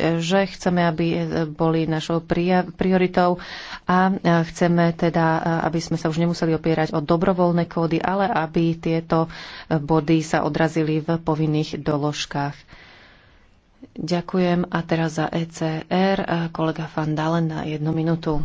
že chceme, aby e, boli našou prioritou a e, chceme teda, e, aby sme sa už nemuseli opierať o dobrovoľné kódy, ale aby tieto body sa odrazili v povinných doložkách. Ďakujem a teraz za ECR kolega Fandalen na jednu minútu.